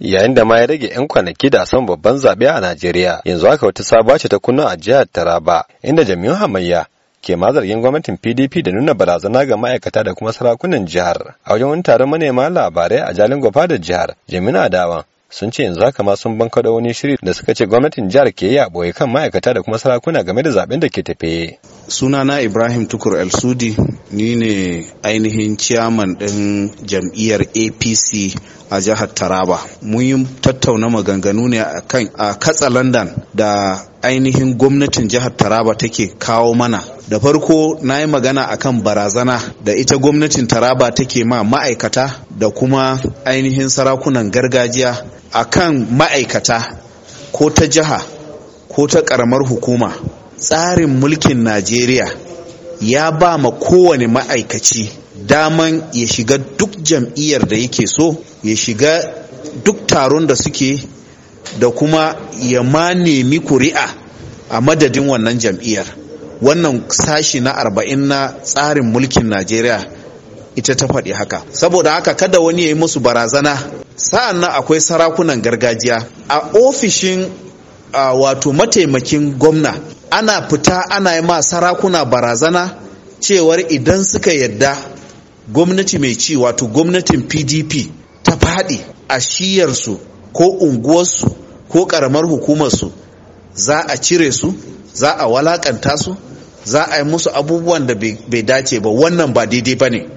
yayin da ma ya rage 'yan kwanaki da son babban zaɓe a Najeriya yanzu haka wata sabuwa ce ta kunna a jihar Taraba inda jami'un hamayya ke ma zargin gwamnatin PDP da nuna barazana ga ma'aikata da kuma sarakunan jihar a wajen wani taron manema labarai a Jalin Gwafa da jihar Jamina Adawan sun ce yanzu haka ma sun bankaɗo wani shiri da suka ce gwamnatin jihar ke yi a kan ma'aikata da kuma sarakuna game da zaɓen da ke tafe. sunana ibrahim tukur el sudi ni ne ainihin ciyaman ɗin jam'iyyar apc a jihar taraba mun yi tattauna maganganu ne a kan a katsa london da ainihin gwamnatin jihar taraba take kawo mana da farko na yi magana akan barazana da ita gwamnatin taraba take ma ma'aikata da kuma ainihin sarakunan gargajiya akan ma'aikata ko ta jiha ko ta karamar hukuma tsarin mulkin najeriya ya ba ma kowane ma'aikaci daman ya shiga duk jam'iyyar da yake so ya shiga duk taron da suke da kuma ya ma nemi kuri'a a madadin wannan jam'iyyar wannan sashi na arba'in na tsarin mulkin najeriya ita ta faɗi haka saboda haka kada wani ya yi musu barazana sa'an nan akwai sarakunan gargajiya a ofishin wato mataimakin gwamna ana fita ana yi ma sarakuna barazana cewar idan suka yadda gwamnati mai ci wato gwamnatin pdp ta faɗi a shiyarsu ko unguwarsu ko ƙaramar hukumarsu za a cire su za a walakanta su za a yi musu abubuwan da bai dace ba wannan ba daidai ba ne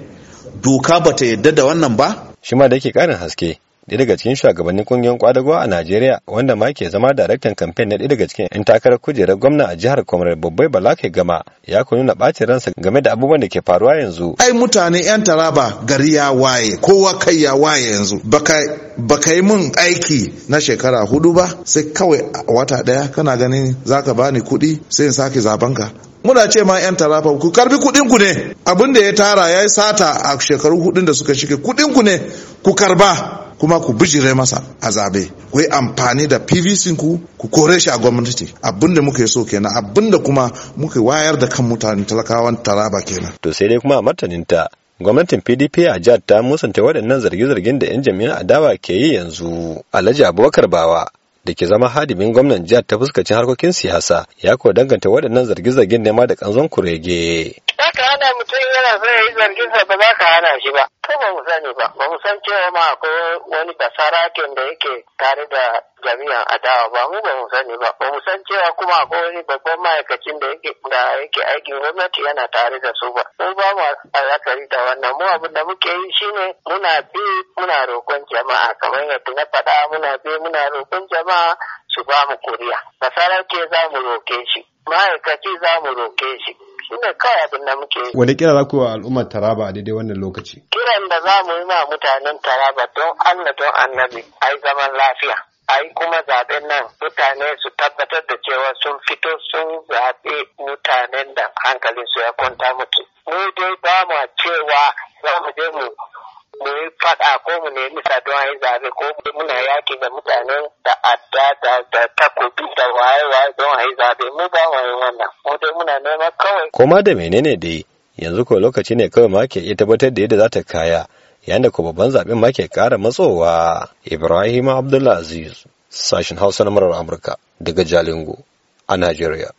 doka ba ta yadda da wannan ba shi ma da yake ƙarin haske ɗaya daga cikin shugabannin kungiyar kwadago a Najeriya wanda ma ke zama daraktan kamfen na ɗaya daga cikin 'yan takarar kujerar gwamna a jihar Kwamrar Babbai kai Gama ya kuma nuna ɓacin ransa game da abubuwan da ke faruwa yanzu. Ai mutane 'yan taraba gari ya waye kowa kai ya waye yanzu baka baka yi mun aiki na shekara hudu ba sai kawai wata daya kana ganin zaka bani kuɗi sai in sake zaben ka muna ce ma 'yan tarafa ku karbi kuɗin ku ne abin da ya tara ya yi sata a shekaru hudun da suka shige kudin ku ne ku karba kuma ku bijire masa a zabe ku yi amfani da pvc ku ku kore shi a gwamnati abinda muke so kenan abinda kuma muke wayar da kan mutane talakawan taraba kenan to sai dai kuma a martanin ta gwamnatin pdp a jihar ta musanta waɗannan zarge-zargen da 'yan jami'an adawa ke yi yanzu alhaji abubakar bawa da ke zama hadimin gwamnan jihar ta fuskacin harkokin siyasa ya ko danganta waɗannan zarge-zargen nema da kanzon kurege. Za ka hana mutum yana zai yi zargin sa ba za ka hana shi ba. ko ba mu sani ba ba mu san cewa ma akwai wani basaraken da yake tare da jami'an adawa ba mu ba mu sani ba ba mu san cewa kuma akwai wani babban ma'aikacin da yake da yake aikin gwamnati yana tare da su ba mu ba mu alakari da wannan mu abin da muke yi shine muna bi muna roƙon jama'a kamar yadda na faɗa muna bi muna roƙon jama'a su ba mu kuriya ke za mu roƙe shi ma'aikaci za mu roƙe shi shine kawai abin da muke yi. Wani kira za ku wa al'ummar Taraba a daidai wannan lokaci? Kiran da za mu yi ma mutanen Taraba don Allah don annabi a yi zaman lafiya. A yi kuma zaɓen nan mutane su tabbatar da cewa sun fito sun zaɓe mutanen da hankalinsu su ya kwanta mutu. shekara don zaɓe ko muna yaƙi da mutane da adda da takobi da waye-waye don a yi zaɓe mu ba mu yi wannan mu dai muna neman kawai. Koma da menene dai yanzu ko lokaci ne kawai ma ke iya tabbatar da yadda za ta kaya yayin ko babban zaɓen ma ke ƙara matsowa. Ibrahim Abdulaziz sashen Hausa na murar Amurka daga Jalingo a Najeriya.